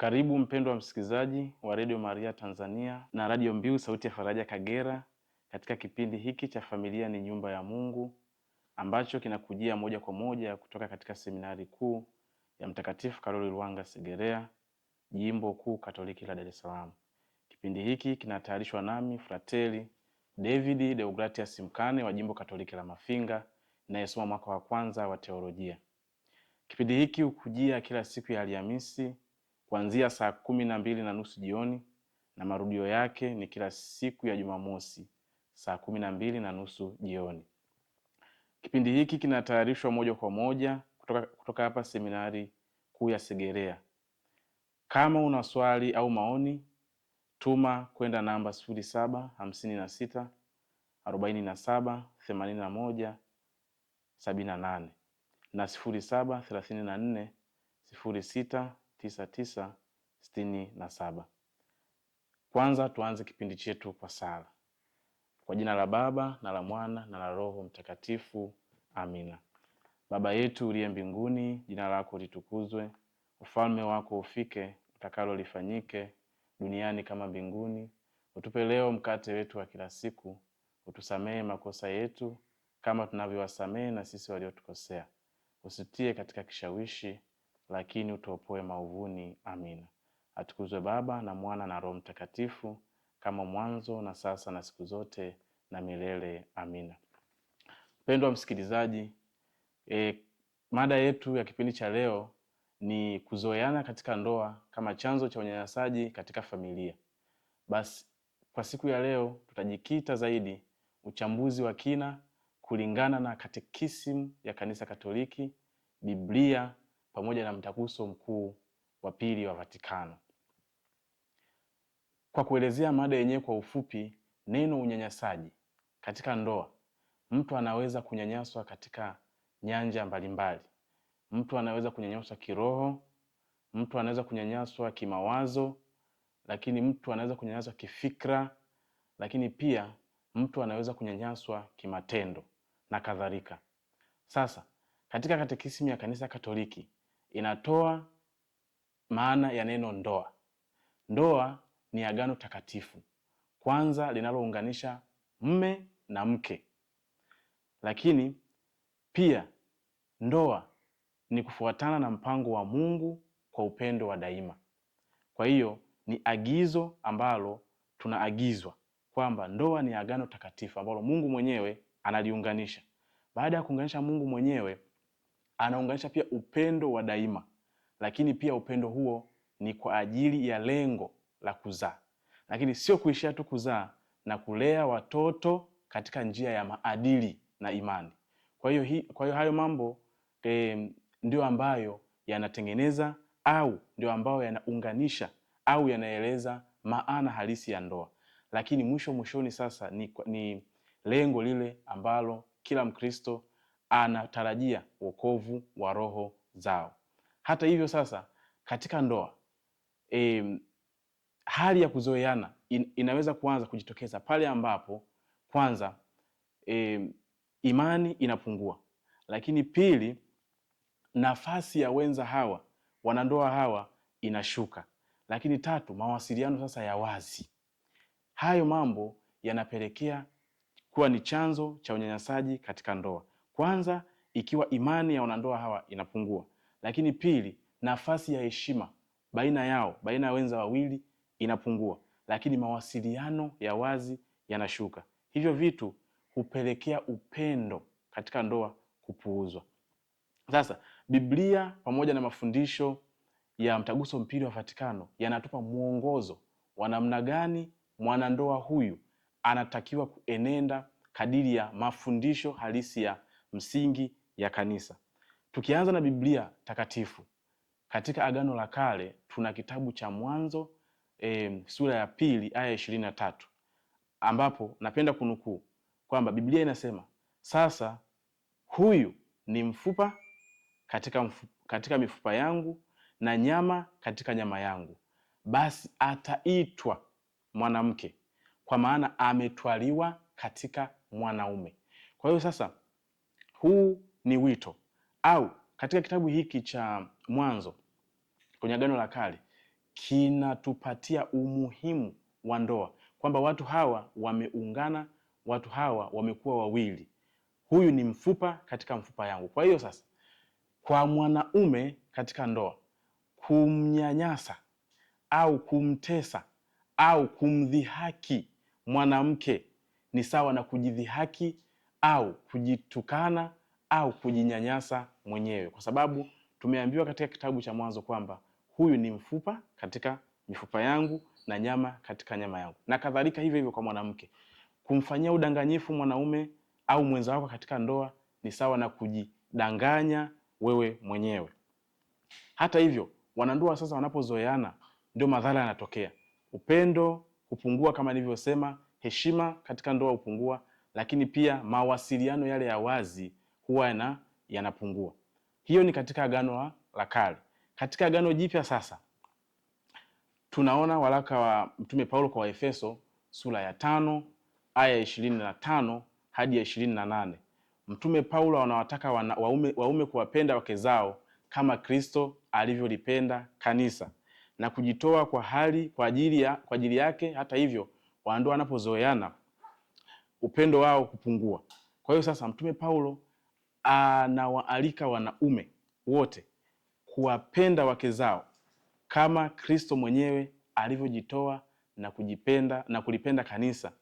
Karibu mpendwa msikilizaji wa redio Maria Tanzania na radio Mbiu sauti ya faraja Kagera, katika kipindi hiki cha familia ni nyumba ya Mungu ambacho kinakujia moja kwa moja kutoka katika seminari kuu ya Mtakatifu Karoli Lwanga Segerea, jimbo kuu katoliki la Dar es Salaam. Kipindi hiki kinatayarishwa nami frateli David Deogratias Mkane wa jimbo katoliki la Mafinga inayesoma mwaka wa kwanza wa teolojia. Kipindi hiki hukujia kila siku ya Alhamisi kuanzia saa kumi na mbili na nusu jioni na marudio yake ni kila siku ya Jumamosi saa kumi na mbili na nusu jioni. Kipindi hiki kinatayarishwa moja kwa moja kutoka, kutoka hapa seminari kuu ya Segerea. Kama una swali au maoni, tuma kwenda namba sifuri saba hamsini na sita arobaini na saba themanini na moja sabini na nane na sifuri saba thelathini na nne sifuri sita tisa sitini na saba. Kwanza tuanze kipindi chetu kwa sala. Kwa jina la Baba na la Mwana na la Roho Mtakatifu, amina. Baba yetu uliye mbinguni, jina lako litukuzwe, ufalme wako ufike, utakalo lifanyike duniani kama mbinguni. Utupe leo mkate wetu wa kila siku, utusamehe makosa yetu kama tunavyowasamehe na sisi waliotukosea, usitie katika kishawishi lakini utuopoe maovuni. Amina. Atukuzwe Baba na Mwana na Roho Mtakatifu, kama mwanzo na sasa na siku zote na milele. Amina. Mpendwa msikilizaji, e, mada yetu ya kipindi cha leo ni kuzoeana katika ndoa kama chanzo cha unyanyasaji katika familia. Basi kwa siku ya leo tutajikita zaidi uchambuzi wa kina kulingana na katekisimu ya Kanisa Katoliki, Biblia pamoja na mtaguso mkuu wa pili wa Vatikano. Kwa kuelezea mada yenyewe kwa ufupi, neno unyanyasaji katika ndoa, mtu anaweza kunyanyaswa katika nyanja mbalimbali. Mtu anaweza kunyanyaswa kiroho, mtu anaweza kunyanyaswa kimawazo, lakini mtu anaweza kunyanyaswa kifikra, lakini pia mtu anaweza kunyanyaswa kimatendo na kadhalika. Sasa katika katekisimu ya Kanisa Katoliki inatoa maana ya neno ndoa. Ndoa ni agano takatifu kwanza linalounganisha mme na mke, lakini pia ndoa ni kufuatana na mpango wa Mungu kwa upendo wa daima. Kwa hiyo ni agizo ambalo tunaagizwa kwamba ndoa ni agano takatifu ambalo Mungu mwenyewe analiunganisha. Baada ya kuunganisha Mungu mwenyewe anaunganisha pia upendo wa daima, lakini pia upendo huo ni kwa ajili ya lengo la kuzaa, lakini sio kuishia tu kuzaa na kulea watoto katika njia ya maadili na imani. Kwa hiyo kwa hiyo hayo mambo e, ndio ambayo yanatengeneza au ndio ambayo yanaunganisha au yanaeleza maana halisi ya ndoa, lakini mwisho mwishoni sasa ni, ni lengo lile ambalo kila Mkristo anatarajia wokovu wa roho zao. Hata hivyo sasa, katika ndoa e, hali ya kuzoeana in, inaweza kuanza kujitokeza pale ambapo kwanza e, imani inapungua, lakini pili, nafasi ya wenza hawa wanandoa hawa inashuka, lakini tatu, mawasiliano sasa ya wazi. Hayo mambo yanapelekea kuwa ni chanzo cha unyanyasaji katika ndoa. Kwanza, ikiwa imani ya wanandoa hawa inapungua, lakini pili, nafasi ya heshima baina yao, baina ya wenza wawili inapungua, lakini mawasiliano ya wazi yanashuka. Hivyo vitu hupelekea upendo katika ndoa kupuuzwa. Sasa Biblia pamoja na mafundisho ya Mtaguso Mpili wa Vatikano yanatupa mwongozo wa namna gani mwanandoa huyu anatakiwa kuenenda kadiri ya mafundisho halisi ya msingi ya kanisa. Tukianza na Biblia takatifu katika Agano la Kale tuna kitabu cha Mwanzo e, sura ya pili aya ishirini na tatu ambapo napenda kunukuu kwamba Biblia inasema sasa huyu ni mfupa katika, mfu, katika mifupa yangu na nyama katika nyama yangu, basi ataitwa mwanamke, kwa maana ametwaliwa katika mwanaume. Kwa hiyo sasa huu ni wito au katika kitabu hiki cha Mwanzo kwenye Agano la Kale kinatupatia umuhimu wa ndoa, kwamba watu hawa wameungana, watu hawa wamekuwa wawili, huyu ni mfupa katika mfupa yangu. Kwa hiyo sasa, kwa mwanaume katika ndoa kumnyanyasa au kumtesa au kumdhihaki mwanamke ni sawa na kujidhihaki au kujitukana au kujinyanyasa mwenyewe, kwa sababu tumeambiwa katika kitabu cha Mwanzo kwamba huyu ni mfupa katika mifupa yangu na nyama katika nyama yangu, na kadhalika hivyo hivyo. Kwa mwanamke kumfanyia udanganyifu mwanaume au mwenza wako katika ndoa ni sawa na kujidanganya wewe mwenyewe. Hata hivyo, wanandoa sasa wanapozoeana, ndio madhara yanatokea. Upendo hupungua, kama nilivyosema, heshima katika ndoa hupungua, lakini pia mawasiliano yale ya wazi huwa yana, yanapungua. Hiyo ni katika Agano la Kale. Katika Agano Jipya sasa tunaona waraka wa Mtume Paulo kwa Waefeso sura ya tano aya ya ishirini na tano hadi ya ishirini na nane Mtume Paulo anawataka waume, waume kuwapenda wake zao kama Kristo alivyolipenda kanisa na kujitoa kwa hali kwa ajili ya, kwa ajili yake. Hata hivyo wanandoa wanapozoeana upendo wao kupungua. Kwa hiyo sasa Mtume Paulo anawaalika wanaume wote kuwapenda wake zao kama Kristo mwenyewe alivyojitoa na kujipenda na kulipenda kanisa.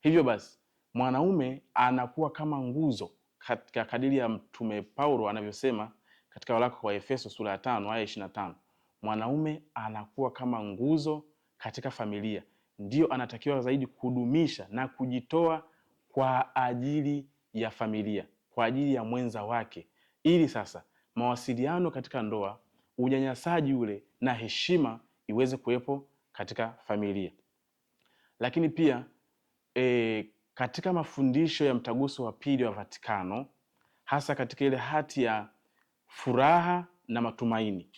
Hivyo basi mwanaume anakuwa kama nguzo katika kadiri ya Mtume Paulo anavyosema katika waraka kwa Efeso sura ya tano aya ishirini na tano mwanaume anakuwa kama nguzo katika familia ndio anatakiwa zaidi kudumisha na kujitoa kwa ajili ya familia, kwa ajili ya mwenza wake, ili sasa mawasiliano katika ndoa, unyanyasaji ule na heshima iweze kuwepo katika familia. Lakini pia e, katika mafundisho ya Mtaguso wa Pili wa Vatikano, hasa katika ile hati ya furaha na matumaini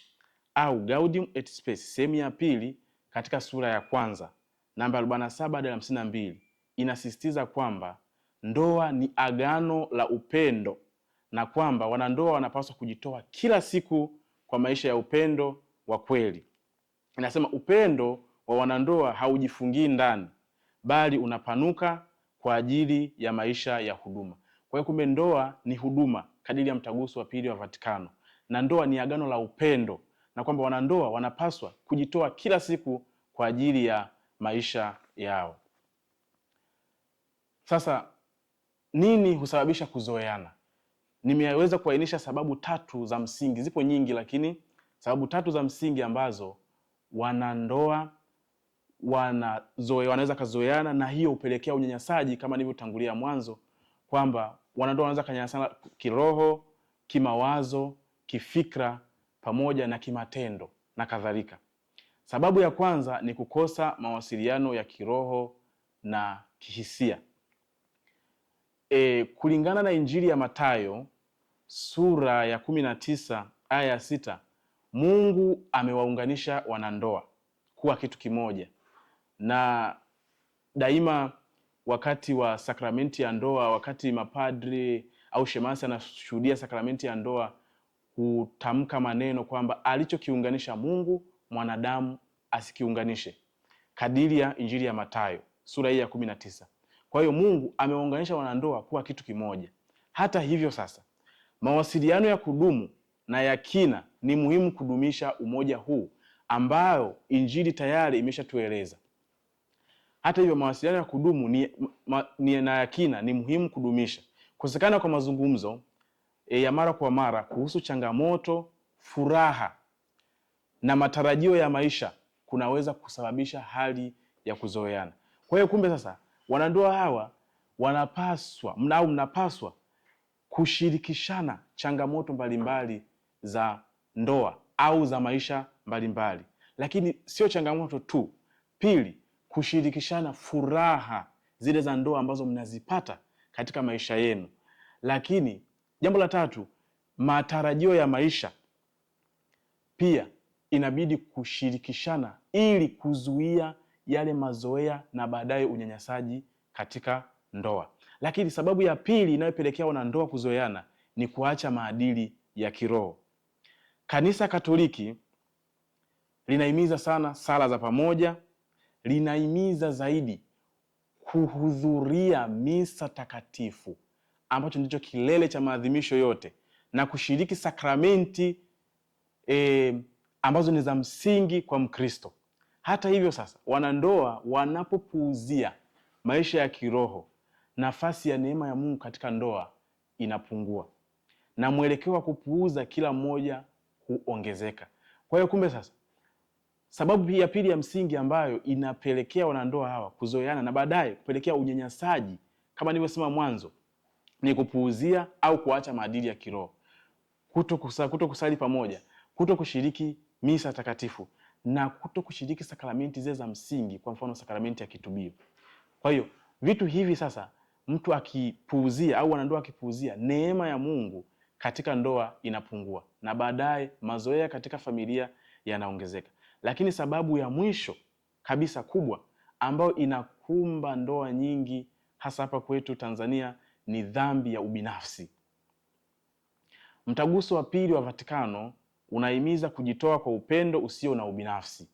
au Gaudium et Spes sehemu ya pili katika sura ya kwanza namba 47 inasisitiza kwamba ndoa ni agano la upendo na kwamba wanandoa wanapaswa kujitoa kila siku kwa maisha ya upendo wa kweli. Inasema upendo wa wanandoa haujifungii ndani, bali unapanuka kwa ajili ya maisha ya huduma. Kwa hiyo kumbe, ndoa ni huduma kadiri ya Mtaguso wa Pili wa Vatikano, na ndoa ni agano la upendo, na kwamba wanandoa wanapaswa kujitoa kila siku kwa ajili ya maisha yao. Sasa nini husababisha kuzoeana? Nimeweza kuainisha sababu tatu za msingi, zipo nyingi, lakini sababu tatu za msingi ambazo wanandoa wanazoe wanaweza kazoeana, na hiyo hupelekea unyanyasaji, kama nilivyotangulia mwanzo kwamba wanandoa wanaweza kanyanyasana kiroho, kimawazo, kifikra pamoja na kimatendo na kadhalika. Sababu ya kwanza ni kukosa mawasiliano ya kiroho na kihisia. E, kulingana na Injili ya Mathayo sura ya kumi na tisa aya ya sita Mungu amewaunganisha wanandoa kuwa kitu kimoja, na daima wakati wa sakramenti ya ndoa, wakati mapadri au shemasi anashuhudia sakramenti ya ndoa, hutamka maneno kwamba alichokiunganisha Mungu mwanadamu asikiunganishe, kadiri ya Injili ya Mathayo sura hii ya kumi na tisa. Kwa hiyo Mungu amewaunganisha wanandoa kuwa kitu kimoja. Hata hivyo sasa, mawasiliano ya kudumu na ya kina ni muhimu kudumisha umoja huu ambayo Injili tayari imeshatueleza. Hata hivyo mawasiliano ya kudumu ni, ma, ni na ya kina ni muhimu kudumisha. Kukosekana kwa mazungumzo e, ya mara kwa mara kuhusu changamoto, furaha na matarajio ya maisha kunaweza kusababisha hali ya kuzoeana. Kwa hiyo kumbe sasa wanandoa hawa wanapaswa au mnapaswa kushirikishana changamoto mbalimbali mbali za ndoa au za maisha mbalimbali mbali. Lakini sio changamoto tu, pili kushirikishana furaha zile za ndoa ambazo mnazipata katika maisha yenu. Lakini jambo la tatu, matarajio ya maisha pia inabidi kushirikishana ili kuzuia yale mazoea na baadaye unyanyasaji katika ndoa. Lakini sababu ya pili inayopelekea wanandoa kuzoeana ni kuacha maadili ya kiroho. Kanisa Katoliki linahimiza sana sala za pamoja, linahimiza zaidi kuhudhuria misa takatifu ambacho ndicho kilele cha maadhimisho yote na kushiriki sakramenti e, ambazo ni za msingi kwa Mkristo. Hata hivyo sasa, wanandoa wanapopuuzia maisha ya kiroho, nafasi ya neema ya Mungu katika ndoa inapungua na mwelekeo wa kupuuza kila mmoja huongezeka. Kwa hiyo kumbe sasa, sababu ya pili ya msingi ambayo inapelekea wanandoa hawa kuzoeana na baadaye kupelekea unyanyasaji, kama nilivyosema mwanzo, ni kupuuzia au kuacha maadili ya kiroho, kuto kusali pamoja, kuto kushiriki misa takatifu na kuto kushiriki sakramenti zile za msingi, kwa mfano sakramenti ya kitubio. Kwa hiyo vitu hivi sasa mtu akipuuzia au wanandoa akipuuzia, neema ya Mungu katika ndoa inapungua na baadaye mazoea katika familia yanaongezeka. Lakini sababu ya mwisho kabisa kubwa ambayo inakumba ndoa nyingi hasa hapa kwetu Tanzania ni dhambi ya ubinafsi. Mtaguso wa Pili wa Vatikano unahimiza kujitoa kwa upendo usio na ubinafsi.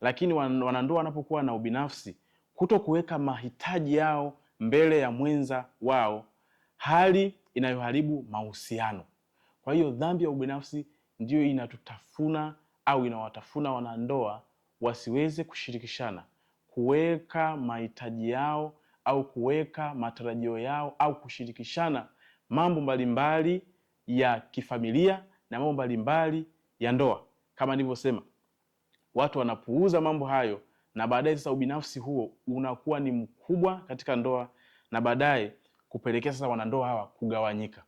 Lakini wanandoa wanapokuwa na ubinafsi, kuto kuweka mahitaji yao mbele ya mwenza wao, hali inayoharibu mahusiano. Kwa hiyo dhambi ya ubinafsi ndiyo inatutafuna au inawatafuna wanandoa wasiweze kushirikishana, kuweka mahitaji yao au kuweka matarajio yao au kushirikishana mambo mbalimbali ya kifamilia na mambo mbalimbali ya ndoa. Kama nilivyosema, watu wanapuuza mambo hayo, na baadaye sasa ubinafsi huo unakuwa ni mkubwa katika ndoa, na baadaye kupelekea sasa wanandoa hawa kugawanyika,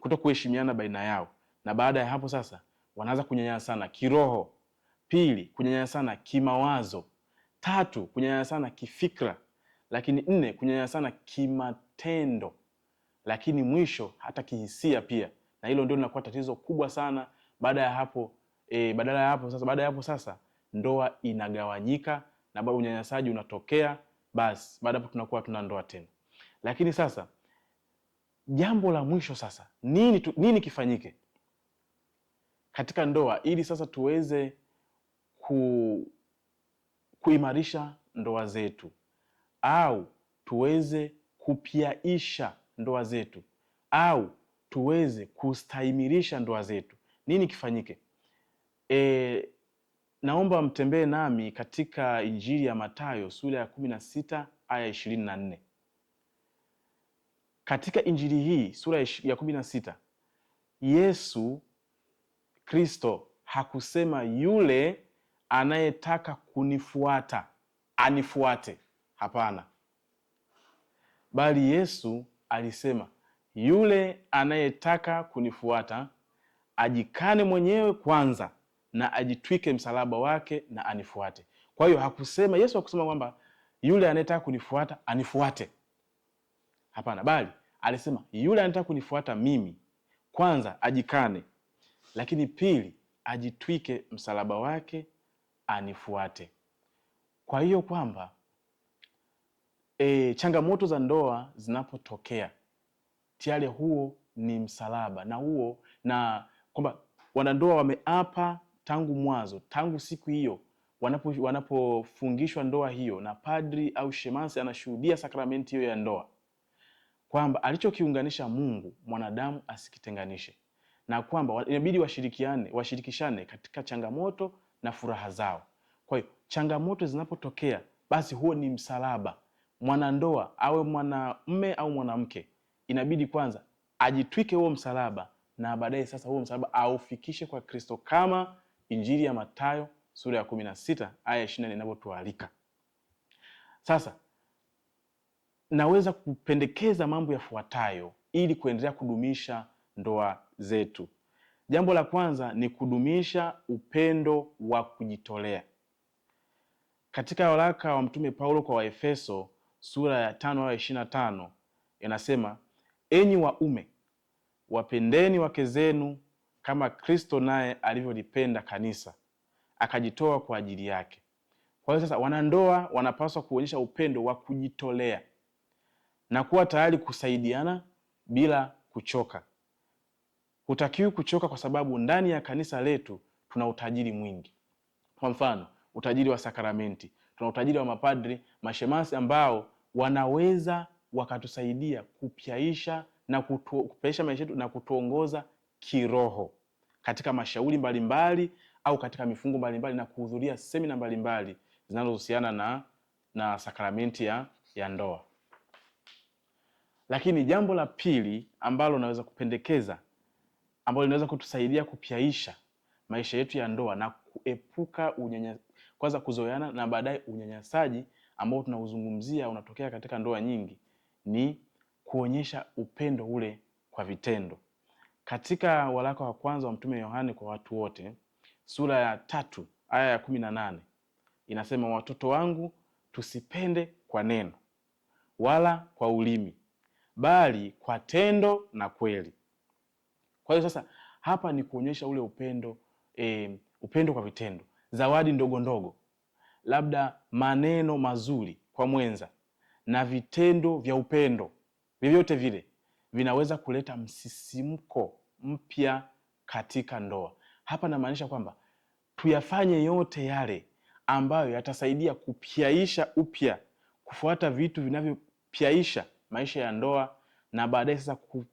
kuto kuheshimiana baina yao, na baada ya hapo sasa wanaanza kunyanyasana kiroho. Pili, kunyanyasana kimawazo. Tatu, kunyanyasana kifikra. Lakini nne, kunyanyasana kimatendo. Lakini mwisho hata kihisia pia na hilo ndio linakuwa tatizo kubwa sana. Baada ya hapo e, badala ya hapo sasa, baada ya hapo sasa ndoa inagawanyika na bado unyanyasaji unatokea. Basi baada hapo tunakuwa tuna ndoa tena. Lakini sasa jambo la mwisho sasa, nini tu, nini kifanyike katika ndoa ili sasa tuweze ku, kuimarisha ndoa zetu au tuweze kupiaisha ndoa zetu au tuweze kustahimilisha ndoa zetu, nini kifanyike? E, naomba mtembee nami katika Injili ya Mathayo sura ya kumi na sita aya ishirini na nne. Katika Injili hii sura ya kumi na sita Yesu Kristo hakusema yule anayetaka kunifuata anifuate. Hapana, bali Yesu alisema yule anayetaka kunifuata ajikane mwenyewe kwanza na ajitwike msalaba wake na anifuate. Kwa hiyo hakusema Yesu hakusema kwamba yule anayetaka kunifuata anifuate, hapana, bali alisema yule anayetaka kunifuata mimi kwanza ajikane, lakini pili ajitwike msalaba wake anifuate. Kwa hiyo kwamba e, changamoto za ndoa zinapotokea tayari huo ni msalaba na huo na kwamba wanandoa wameapa tangu mwanzo, tangu siku hiyo wanapo wanapofungishwa ndoa hiyo na padri au shemasi anashuhudia sakramenti hiyo ya ndoa, kwamba alichokiunganisha Mungu mwanadamu asikitenganishe, na kwamba inabidi washirikiane, washirikishane katika changamoto na furaha zao. Kwa hiyo changamoto zinapotokea, basi huo ni msalaba. Mwanandoa awe mwanamme au mwanamke inabidi kwanza ajitwike huo msalaba na baadaye sasa huo msalaba aufikishe kwa Kristo kama Injili ya Mathayo sura ya kumi na sita aya ishirini na nne inavyotualika. Sasa naweza kupendekeza mambo yafuatayo ili kuendelea kudumisha ndoa zetu. Jambo la kwanza ni kudumisha upendo wa kujitolea. Katika waraka wa Mtume Paulo kwa Waefeso sura ya tano aya ishirini na tano inasema Enyi waume, wapendeni wake zenu kama Kristo naye alivyolipenda kanisa akajitoa kwa ajili yake. Kwa hiyo sasa, wanandoa wanapaswa kuonyesha upendo wa kujitolea na kuwa tayari kusaidiana bila kuchoka. Hutakiwi kuchoka, kwa sababu ndani ya kanisa letu tuna utajiri mwingi. Kwa mfano, utajiri wa sakramenti, tuna utajiri wa mapadri, mashemasi ambao wanaweza wakatusaidia kupyaisha na kutu, kupyaisha maisha yetu na kutuongoza kiroho katika mashauri mbalimbali mbali, au katika mifungo mbalimbali na kuhudhuria semina mbalimbali zinazohusiana na, na sakramenti ya, ya ndoa. Lakini jambo la pili ambalo naweza kupendekeza ambalo linaweza kutusaidia kupyaisha maisha yetu ya ndoa na kuepuka unyanya, kwanza kuzoeana na baadaye unyanyasaji ambao tunauzungumzia unatokea katika ndoa nyingi ni kuonyesha upendo ule kwa vitendo. Katika waraka wa kwanza wa Mtume Yohane kwa watu wote sura ya tatu aya ya kumi na nane inasema, watoto wangu, tusipende kwa neno wala kwa ulimi, bali kwa tendo na kweli. Kwa hiyo sasa hapa ni kuonyesha ule upendo e, upendo kwa vitendo, zawadi ndogo ndogo, labda maneno mazuri kwa mwenza na vitendo vya upendo vyovyote vile vinaweza kuleta msisimko mpya katika ndoa. Hapa namaanisha kwamba tuyafanye yote yale ambayo yatasaidia kupyaisha upya, kufuata vitu vinavyopyaisha maisha ya ndoa, na baadaye sasa ku,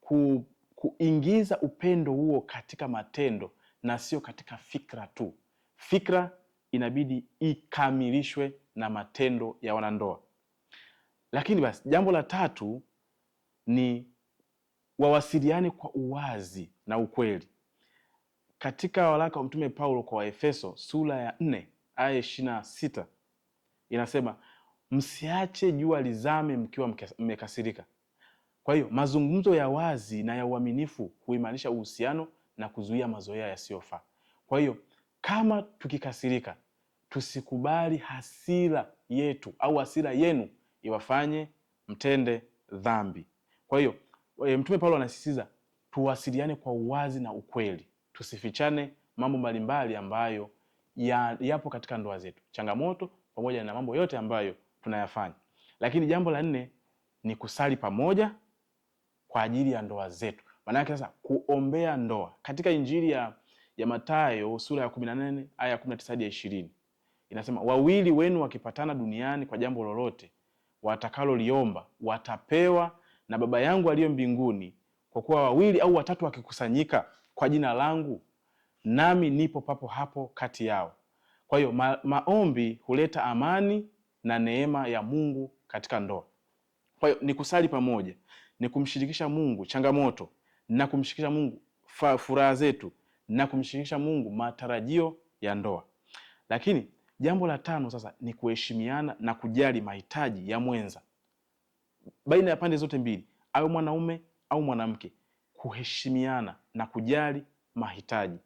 ku, kuingiza upendo huo katika matendo na sio katika fikra tu. Fikra inabidi ikamilishwe na matendo ya wanandoa. Lakini basi jambo la tatu ni wawasiliane kwa uwazi na ukweli. Katika waraka wa Mtume Paulo kwa Waefeso sura ya nne aya ishirini na sita inasema msiache jua lizame mkiwa mmekasirika. Kwa hiyo mazungumzo ya wazi na ya uaminifu huimarisha uhusiano na kuzuia mazoea yasiyofaa. Kwa hiyo kama tukikasirika, tusikubali hasira yetu au hasira yenu iwafanye mtende dhambi. Kwa hiyo e, Mtume Paulo anasisitiza tuwasiliane kwa uwazi na ukweli, tusifichane mambo mbalimbali ambayo ya, yapo katika ndoa zetu, changamoto pamoja na mambo yote ambayo tunayafanya. Lakini jambo la nne ni kusali pamoja kwa ajili ya ndoa zetu. Maana yake sasa kuombea ndoa katika Injili ya, ya Mathayo sura ya 18 aya ya 19 hadi 20 inasema, wawili wenu wakipatana duniani kwa jambo lolote watakaloliomba watapewa na Baba yangu aliyo mbinguni, kwa kuwa wawili au watatu wakikusanyika kwa jina langu, nami nipo papo hapo kati yao. Kwa hiyo ma maombi huleta amani na neema ya Mungu katika ndoa. Kwa hiyo ni kusali pamoja, ni kumshirikisha Mungu changamoto na kumshirikisha Mungu furaha zetu na kumshirikisha Mungu matarajio ya ndoa, lakini Jambo la tano sasa ni kuheshimiana na kujali mahitaji ya mwenza baina ya pande zote mbili, awe mwanaume au mwanamke, kuheshimiana na kujali mahitaji.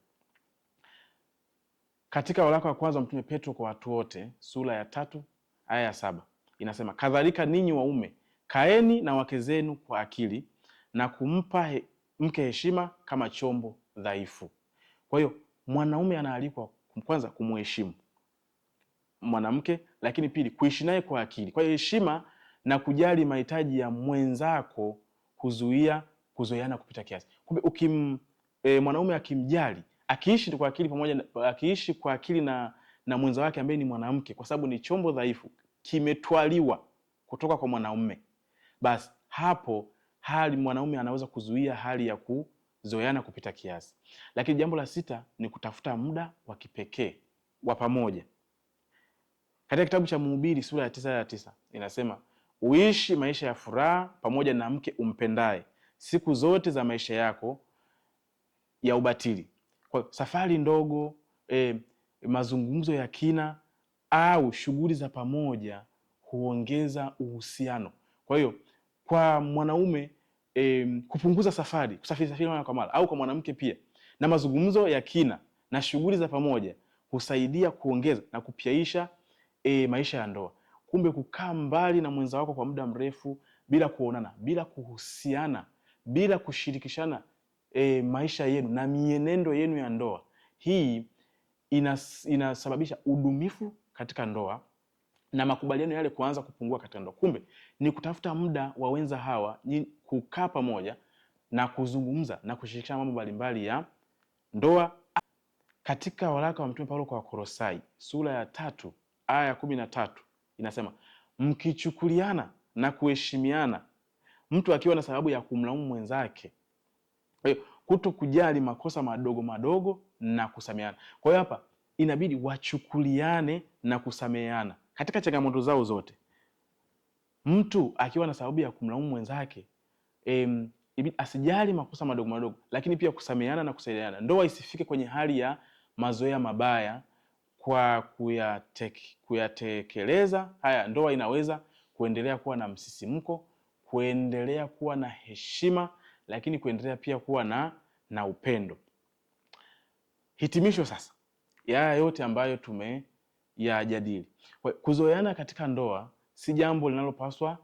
Katika waraka wa kwanza Mtume Petro kwa watu wote sura ya tatu aya ya saba inasema, kadhalika ninyi waume kaeni na wake zenu kwa akili na kumpa he, mke heshima kama chombo dhaifu. Kwa hiyo mwanaume anaalikwa kwanza kumheshimu mwanamke, lakini pili kuishi naye kwa akili. Kwa hiyo heshima na kujali mahitaji ya mwenzako kuzuia kuzoeana kupita kiasi. Kumbe ukim e, mwanaume akimjali, akiishi kwa akili pamoja, akiishi kwa akili na na mwenza wake ambaye ni mwanamke, kwa sababu ni chombo dhaifu kimetwaliwa kutoka kwa mwanaume, basi hapo hali mwanaume anaweza kuzuia hali ya kuzoeana kupita kiasi. Lakini jambo la sita ni kutafuta muda wa kipekee wa pamoja. Katika kitabu cha Mhubiri sura ya tisa ya tisa inasema uishi maisha ya furaha pamoja na mke umpendaye siku zote za maisha yako ya ubatili. Kwa safari ndogo e, mazungumzo ya kina au shughuli za pamoja huongeza uhusiano. Kwa hiyo kwa mwanaume e, kupunguza safari, kusafiri safiri mara kwa mara, au kwa mwanamke pia, na mazungumzo ya kina na shughuli za pamoja husaidia kuongeza na kupyaisha e, maisha ya ndoa. Kumbe kukaa mbali na mwenza wako kwa muda mrefu bila kuonana, bila kuhusiana, bila kushirikishana e, maisha yenu na mienendo yenu ya ndoa, hii inas, inasababisha udumifu katika ndoa na makubaliano yale kuanza kupungua katika ndoa. Kumbe ni kutafuta muda wa wenza hawa kukaa pamoja na kuzungumza na kushirikishana mambo mbalimbali ya ndoa. Katika waraka wa Mtume Paulo kwa Wakolosai sura ya tatu aya ya kumi na tatu inasema mkichukuliana na kuheshimiana, mtu akiwa na sababu ya kumlaumu mwenzake. Kwa hiyo kuto kujali makosa madogo madogo na kusameheana. Kwa hiyo hapa inabidi wachukuliane na kusameheana katika changamoto zao zote. Mtu akiwa na sababu ya kumlaumu mwenzake em, asijali makosa madogo madogo, lakini pia kusameheana na kusaidiana. Ndoa isifike kwenye hali ya mazoea mabaya kwa kuyateke, kuyatekeleza haya, ndoa inaweza kuendelea kuwa na msisimko, kuendelea kuwa na heshima, lakini kuendelea pia kuwa na, na upendo. Hitimisho sasa ya haya yote ambayo tumeyajadili, kuzoeana katika ndoa si jambo linalopaswa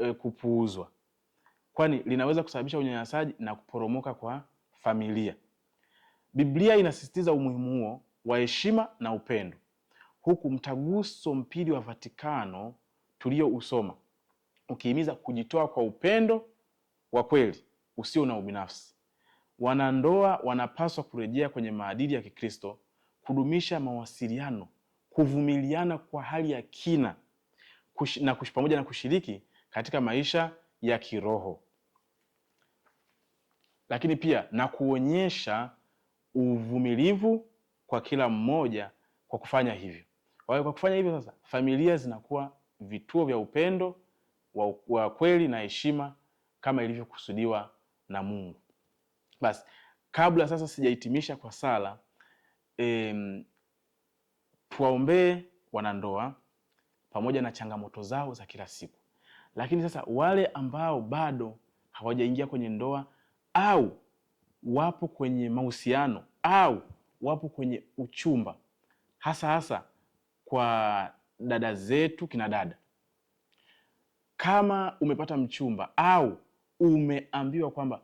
eh, kupuuzwa, kwani linaweza kusababisha unyanyasaji na kuporomoka kwa familia. Biblia inasisitiza umuhimu huo wa heshima na upendo, huku mtaguso mpili wa Vatikano tuliousoma ukihimiza kujitoa kwa upendo wa kweli usio na ubinafsi. Wanandoa wanapaswa kurejea kwenye maadili ya Kikristo, kudumisha mawasiliano, kuvumiliana kwa hali ya kina kush, na kush, pamoja na kushiriki katika maisha ya kiroho, lakini pia na kuonyesha uvumilivu kwa kila mmoja kwa kufanya hivyo. Kwa hiyo kwa kufanya hivyo sasa, familia zinakuwa vituo vya upendo wa, wa kweli na heshima kama ilivyokusudiwa na Mungu. Basi kabla sasa sijahitimisha kwa sala em, tuwaombee wanandoa pamoja na changamoto zao za kila siku. Lakini sasa wale ambao bado hawajaingia kwenye ndoa au wapo kwenye mahusiano au wapo kwenye uchumba, hasa hasa kwa dada zetu kina dada. Kama umepata mchumba au umeambiwa kwamba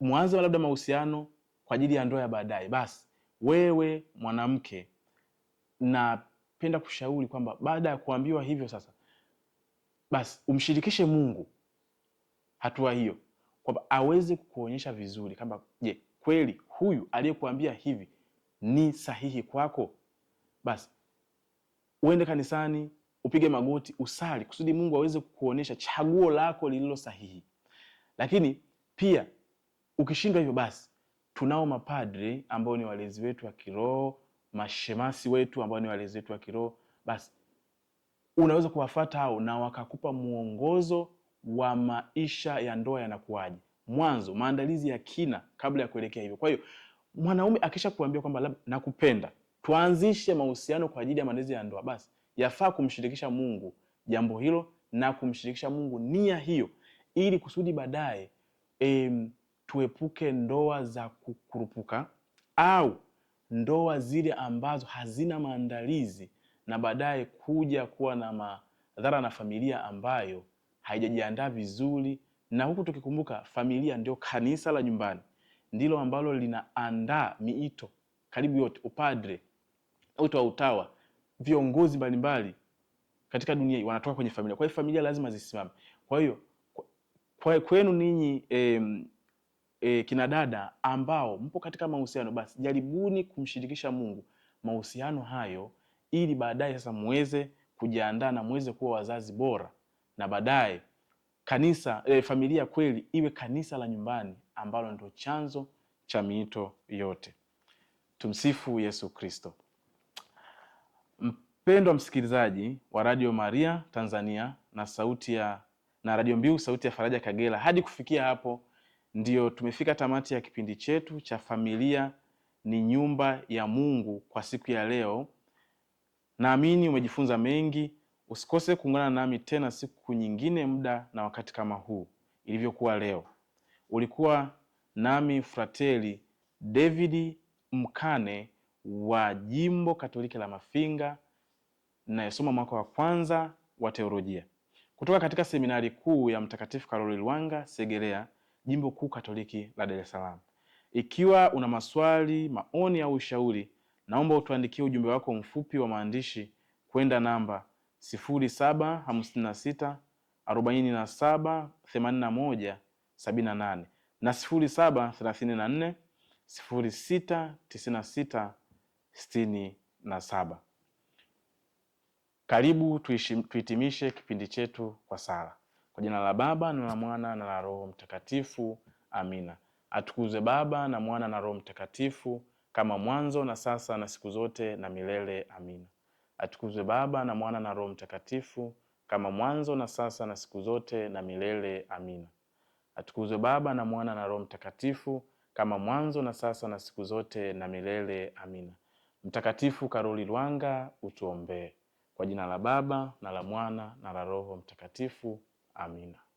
mwanzo labda mahusiano kwa ajili ya ndoa ya baadaye, basi wewe mwanamke, napenda kushauri kwamba baada ya kuambiwa hivyo sasa, basi umshirikishe Mungu hatua hiyo, kwamba aweze kukuonyesha vizuri kwamba je, kweli huyu aliyekuambia hivi ni sahihi kwako? Basi uende kanisani, upige magoti, usali kusudi Mungu aweze kukuonyesha chaguo lako lililo sahihi. Lakini pia ukishindwa hivyo, basi tunao mapadre ambao ni walezi wetu wa kiroho, mashemasi wetu ambao ni walezi wetu wa kiroho. Basi unaweza kuwafata hao na wakakupa mwongozo wa maisha ya ndoa yanakuwaje mwanzo, maandalizi ya kina kabla ya kuelekea hivyo. Kwa hiyo mwanaume akisha kuambia kwamba labda nakupenda, tuanzishe mahusiano kwa ajili ya maandalizi ya ndoa, basi yafaa kumshirikisha Mungu jambo hilo na kumshirikisha Mungu nia hiyo, ili kusudi baadaye e, tuepuke ndoa za kukurupuka au ndoa zile ambazo hazina maandalizi na baadaye kuja kuwa na madhara na familia ambayo haijajiandaa vizuri na huku tukikumbuka familia ndio kanisa la nyumbani, ndilo ambalo linaandaa miito karibu yote, upadre, wito wa utawa, viongozi mbalimbali katika dunia hii wanatoka kwenye familia. Kwa hiyo familia lazima zisimame. Kwa hiyo kwa kwenu ninyi e, e, kina dada ambao mpo katika mahusiano, basi jaribuni kumshirikisha Mungu mahusiano hayo, ili baadaye sasa muweze kujiandaa na muweze kuwa wazazi bora na baadaye kanisa eh, familia kweli iwe kanisa la nyumbani ambalo ndio chanzo cha miito yote. Tumsifu Yesu Kristo. Mpendwa msikilizaji wa Radio Maria Tanzania na sauti ya na Radio Mbiu sauti ya Faraja Kagera, hadi kufikia hapo ndio tumefika tamati ya kipindi chetu cha familia ni nyumba ya Mungu kwa siku ya leo. Naamini umejifunza mengi Usikose kuungana nami tena siku nyingine, muda na wakati kama huu ilivyokuwa leo. Ulikuwa nami frateli David Mkane wa Jimbo Katoliki la Mafinga, nayesoma mwaka wa kwanza wa teolojia kutoka katika seminari kuu ya Mtakatifu Karoli Lwanga Segerea, Jimbo Kuu Katoliki la Dar es Salaam. Ikiwa una maswali, maoni au ushauri, naomba utuandikie ujumbe wako mfupi wa maandishi kwenda namba sifuri saba hamsini na sita arobaini na saba themanini na moja sabini na nane na sifuri saba thelathini na nne sifuri sita tisini na sita sitini na saba. Karibu tuhitimishe kipindi chetu kwa sala. Kwa jina la Baba na la Mwana na la Roho Mtakatifu, amina. Atukuzwe Baba na Mwana na Roho Mtakatifu, kama mwanzo na sasa na siku zote na milele, amina. Atukuzwe Baba na Mwana na Roho Mtakatifu, kama mwanzo na sasa na siku zote na milele. Amina. Atukuzwe Baba na Mwana na Roho Mtakatifu, kama mwanzo na sasa na siku zote na milele. Amina. Mtakatifu Karoli Lwanga, utuombee. Kwa jina la Baba na la Mwana na la Roho Mtakatifu. Amina.